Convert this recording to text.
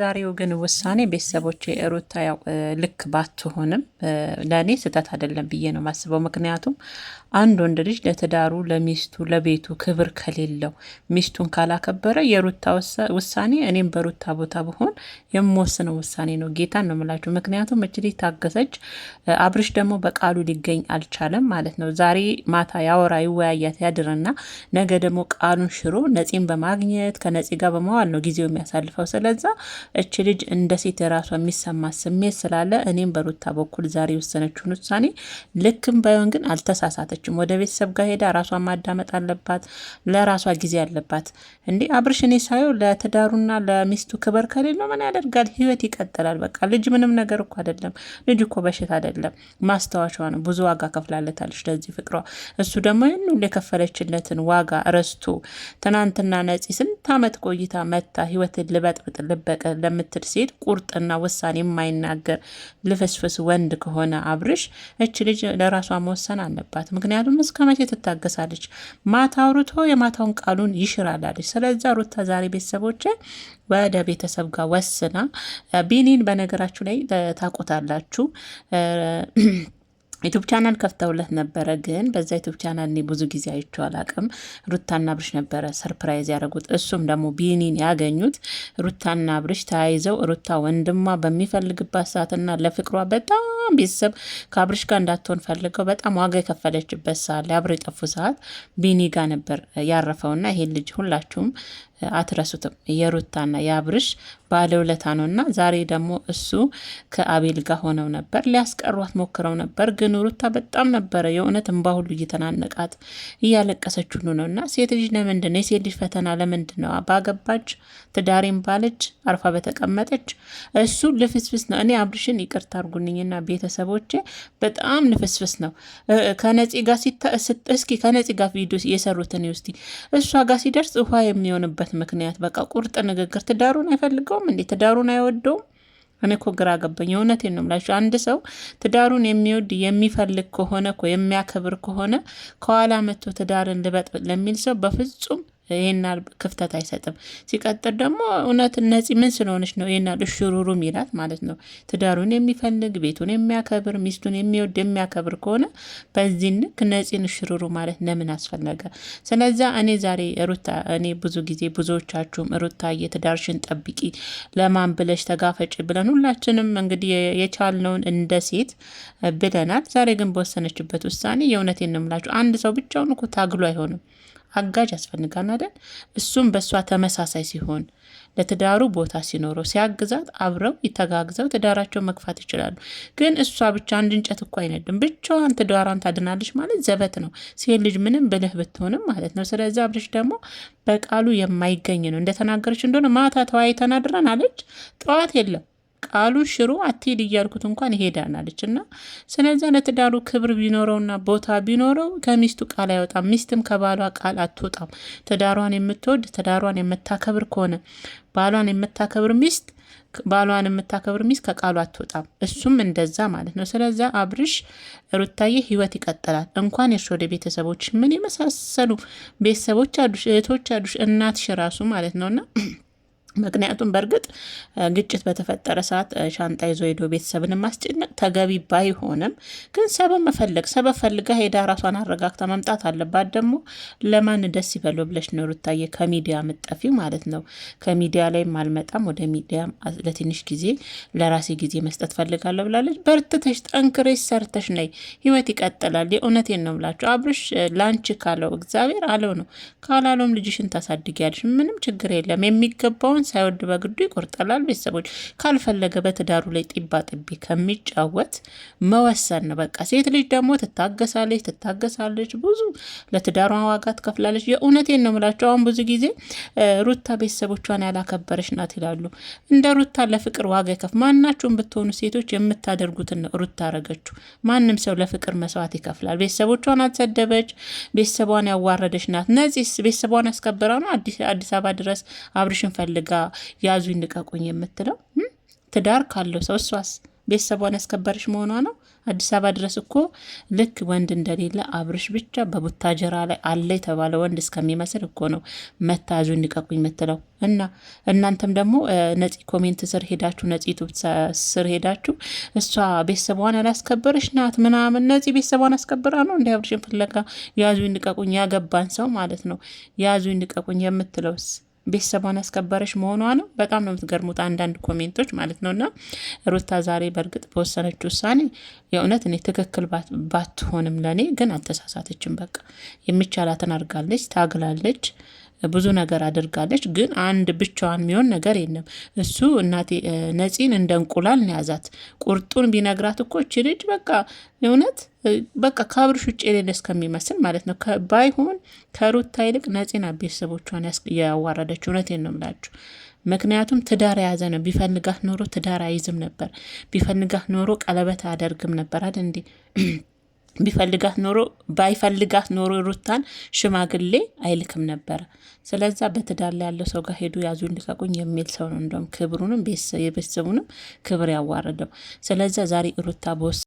ዛሬው ግን ውሳኔ ቤተሰቦች ሩታ ያው ልክ ባትሆንም ለእኔ ስህተት አይደለም ብዬ ነው ማስበው። ምክንያቱም አንድ ወንድ ልጅ ለትዳሩ፣ ለሚስቱ፣ ለቤቱ ክብር ከሌለው ሚስቱን ካላከበረ የሩታ ውሳኔ እኔም በሩታ ቦታ ብሆን የምወስነው ውሳኔ ነው። ጌታ ነው የምላችሁ። ምክንያቱም እች ልጅ ታገሰች፣ አብርሽ ደግሞ በቃሉ ሊገኝ አልቻለም ማለት ነው። ዛሬ ማታ ያወራ ይወያያት ያድርና ነገ ደግሞ ቃሉን ሽሮ ነፂን በማግኘት ከነፂ ጋር በመዋል ነው ጊዜው የሚያሳልፈው ስለዛ እች ልጅ እንደ ሴት የራሷ የሚሰማ ስሜት ስላለ እኔም በሩታ በኩል ዛሬ የወሰነችውን ውሳኔ ልክም ባይሆን ግን አልተሳሳተችም። ወደ ቤተሰብ ጋር ሄዳ ራሷ ማዳመጥ አለባት። ለራሷ ጊዜ አለባት። እንዲህ አብርሽ እኔ ሳየው ለትዳሩና ለሚስቱ ክብር ከሌለው ምን ያደርጋል? ህይወት ይቀጥላል። በቃ ልጅ ምንም ነገር እኮ አይደለም። ልጅ እኮ በሽታ አይደለም፣ ማስታወሻ ነው። ብዙ ዋጋ ከፍላለታለች ለዚህ ፍቅሯ። እሱ ደግሞ ይህን ሁሉ የከፈለችለትን ዋጋ ረስቶ ትናንትና ነፂ ስንት አመት ቆይታ መታ ህይወትን ልበጥብጥ ልበቀል ለምትል ሴት ቁርጥና ውሳኔ የማይናገር ልፍስፍስ ወንድ ከሆነ አብርሽ፣ እች ልጅ ለራሷ መወሰን አለባት። ምክንያቱም እስከ መቼ ትታገሳለች? ማታ አውርቶ የማታውን ቃሉን ይሽራላለች። ስለዚ ሩታ ዛሬ ቤተሰቦች ወደ ቤተሰብ ጋር ወስና ቢኒን በነገራችሁ ላይ ታቆታላችሁ ዩቱብ ቻናል ከፍተውለት ነበረ። ግን በዛ ዩቱብ ቻናል እኔ ብዙ ጊዜ አይቼው አላቅም። ሩታና ብርሽ ነበረ ሰርፕራይዝ ያደረጉት። እሱም ደግሞ ቢኒን ያገኙት ሩታና ብርሽ ተያይዘው ሩታ ወንድሟ በሚፈልግባት ሰዓትና ለፍቅሯ በጣም ቤተሰብ ከአብርሽ ጋር እንዳትሆን ፈልገው በጣም ዋጋ የከፈለችበት ሰዓት ላይ አብረው የጠፉ ሰዓት ቢኒ ጋር ነበር ያረፈውና ይሄን ልጅ ሁላችሁም አትረሱትም። የሩታና የአብርሽ ባለውለታ ነው እና ዛሬ ደግሞ እሱ ከአቤል ጋር ሆነው ነበር። ሊያስቀሯት ሞክረው ነበር፣ ግን ሩታ በጣም ነበረ የእውነት እንባ ሁሉ እየተናነቃት እያለቀሰች ሁሉ ነው እና ሴት ልጅ ለምንድን ነው የሴት ልጅ ፈተና ለምንድን ነው? ባገባች ትዳሬን ባለች አርፋ በተቀመጠች እሱ ልፍስፍስ ነው። እኔ አብርሽን ይቅርታ አርጉንኝና ቤተሰቦቼ በጣም ልፍስፍስ ነው። ከነፂ ጋር እስኪ ከነፂ ጋር ቪዲዮ የሰሩትን ውስቲ እሷ ጋር ሲደርስ ውሃ የሚሆንበት ያለበት ምክንያት በቃ ቁርጥ ንግግር። ትዳሩን አይፈልገውም እንዴ? ትዳሩን አይወደውም? እኔ እኮ ግራ ገባኝ። የእውነቴን ነው የምላችሁ። አንድ ሰው ትዳሩን የሚወድ የሚፈልግ ከሆነ እኮ የሚያከብር ከሆነ ከኋላ መጥቶ ትዳርን ልበጥ ለሚል ሰው በፍጹም ይሄን ክፍተት አይሰጥም። ሲቀጥል ደግሞ እውነት ነፂ ምን ስለሆነች ነው ይሄን ያህል እሽሩሩ ሚላት ማለት ነው? ትዳሩን የሚፈልግ ቤቱን የሚያከብር ሚስቱን የሚወድ የሚያከብር ከሆነ በዚህ ንክ ነፂን እሽሩሩ ማለት ለምን አስፈለገ? ስለዚያ እኔ ዛሬ ሩታ እኔ ብዙ ጊዜ ብዙዎቻችሁም ሩታ የትዳርሽን ጠብቂ ለማን ብለሽ ተጋፈጭ ብለን ሁላችንም እንግዲህ የቻልነውን እንደ ሴት ብለናል። ዛሬ ግን በወሰነችበት ውሳኔ የእውነቴን ነው የምላችሁ አንድ ሰው ብቻውን እኮ ታግሎ አይሆንም። አጋዥ ያስፈልጋን አይደል? እሱም በእሷ ተመሳሳይ ሲሆን ለትዳሩ ቦታ ሲኖረው ሲያግዛት አብረው ይተጋግዘው ትዳራቸው መግፋት ይችላሉ። ግን እሷ ብቻ አንድ እንጨት እኮ አይነድም። ብቻዋን ትዳሯን ታድናለች ማለት ዘበት ነው። ሴት ልጅ ምንም ብልህ ብትሆንም ማለት ነው። ስለዚህ አብርሽ ደግሞ በቃሉ የማይገኝ ነው። እንደተናገረች እንደሆነ ማታ ተወያይተን አድረን አለች፣ ጠዋት የለም ቃሉ ሽሮ አትሄድ እያልኩት እንኳን ይሄዳናለች እና ስለዚያ ለትዳሩ ክብር ቢኖረውና ቦታ ቢኖረው ከሚስቱ ቃል አይወጣም፣ ሚስትም ከባሏ ቃል አትወጣም። ትዳሯን የምትወድ ትዳሯን የምታከብር ከሆነ ባሏን የምታከብር ሚስት ባሏን የምታከብር ሚስት ከቃሉ አትወጣም። እሱም እንደዛ ማለት ነው። ስለዛ አብርሽ ሩታዬ ህይወት ይቀጥላል። እንኳን የእርስ ወደ ቤተሰቦች ምን የመሳሰሉ ቤተሰቦች አሉሽ፣ እህቶች አሉሽ፣ እናትሽ ራሱ ማለት ነውና ምክንያቱም በእርግጥ ግጭት በተፈጠረ ሰዓት ሻንጣ ይዞ ሄዶ ቤተሰብን ማስጨነቅ ተገቢ ባይሆንም ግን ሰበብ መፈለግ ሰበብ ፈልጋ ሄዳ ራሷን አረጋግታ መምጣት አለባት። ደግሞ ለማን ደስ ይበለው ብለሽ ነው ሩታዬ ከሚዲያ ምጠፊው ማለት ነው። ከሚዲያ ላይ አልመጣም ወደ ሚዲያ ለትንሽ ጊዜ ለራሴ ጊዜ መስጠት ፈልጋለሁ ብላለች። በርትተሽ ጠንክሬሽ ሰርተሽ ነይ፣ ህይወት ይቀጥላል። የእውነቴን ነው ብላቸው አብርሽ ላንቺ ካለው እግዚአብሔር አለው ነው ካላለውም ልጅሽን ታሳድጊያለሽ። ምንም ችግር የለም የሚገባውን ሳይወድ በግዱ ይቆርጠላል። ቤተሰቦች ካልፈለገ በትዳሩ ላይ ጢባ ጥቢ ከሚጫወት መወሰን በቃ ሴት ልጅ ደግሞ ትታገሳለች ትታገሳለች፣ ብዙ ለትዳሯ ዋጋ ትከፍላለች። የእውነቴን ነው የምላቸው። አሁን ብዙ ጊዜ ሩታ ቤተሰቦቿን ያላከበረች ናት ይላሉ። እንደ ሩታ ለፍቅር ዋጋ ይከፍ ማናችሁም ብትሆኑ ሴቶች የምታደርጉትን ነው ሩታ አረገችሁ። ማንም ሰው ለፍቅር መስዋዕት ይከፍላል። ቤተሰቦቿን አልሰደበች፣ ቤተሰቧን ያዋረደች ናት። ነፂስ ቤተሰቧን ያስከበረ ነው። አዲስ አበባ ድረስ አብርሽን ፈልገ ጋር ያዙ ይንቀቁኝ የምትለው ትዳር ካለው ሰው እሷስ ቤተሰቧን ያስከበረች መሆኗ ነው። አዲስ አበባ ድረስ እኮ ልክ ወንድ እንደሌለ አብርሽ ብቻ በቡታጀራ ላይ አለ የተባለ ወንድ እስከሚመስል እኮ ነው መታዙ እንዲቀቁኝ የምትለው እና እናንተም ደግሞ ነፂ ኮሜንት ስር ሄዳችሁ ነፂ ዩቱብ ስር ሄዳችሁ እሷ ቤተሰቧን ያላስከበረች ናት ምናምን ነፂ ቤተሰቧን አስከብራ ነው እንዲ አብርሽን ፍለጋ ያዙ እንዲቀቁኝ ያገባን ሰው ማለት ነው ያዙ እንዲቀቁኝ የምትለውስ ቤተሰቧን ያስከበረች መሆኗ ነው። በጣም ነው የምትገርሙት አንዳንድ ኮሜንቶች ማለት ነው። እና ሩታ ዛሬ በእርግጥ በወሰነች ውሳኔ የእውነት እኔ ትክክል ባትሆንም ለእኔ ግን አልተሳሳተችም። በቃ የሚቻላትን አድርጋለች፣ ታግላለች። ብዙ ነገር አድርጋለች። ግን አንድ ብቻዋን የሚሆን ነገር የለም። እሱ እናቴ ነፂን እንደ እንቁላል ያዛት። ቁርጡን ቢነግራት እኮ እች ልጅ በቃ እውነት በቃ ከአብርሽ ውጭ የሌለ እስከሚመስል ማለት ነው። ባይሆን ከሩታ ይልቅ ነፂን ቤተሰቦቿን ያዋረደች። እውነት ነው የምላችሁ። ምክንያቱም ትዳር የያዘ ነው። ቢፈልጋት ኖሮ ትዳር አይዝም ነበር። ቢፈልጋት ኖሮ ቀለበት አደርግም ነበር አይደል እንዴ? ቢፈልጋት ኖሮ ባይፈልጋት ኖሮ ሩታን ሽማግሌ አይልክም ነበረ። ስለዛ በትዳር ላይ ያለው ሰው ጋር ሄዱ ያዙ ልቀቁኝ የሚል ሰው ነው። እንደውም ክብሩንም የቤተሰቡንም ክብር ያዋረደው። ስለዛ ዛሬ ሩታ በወሰ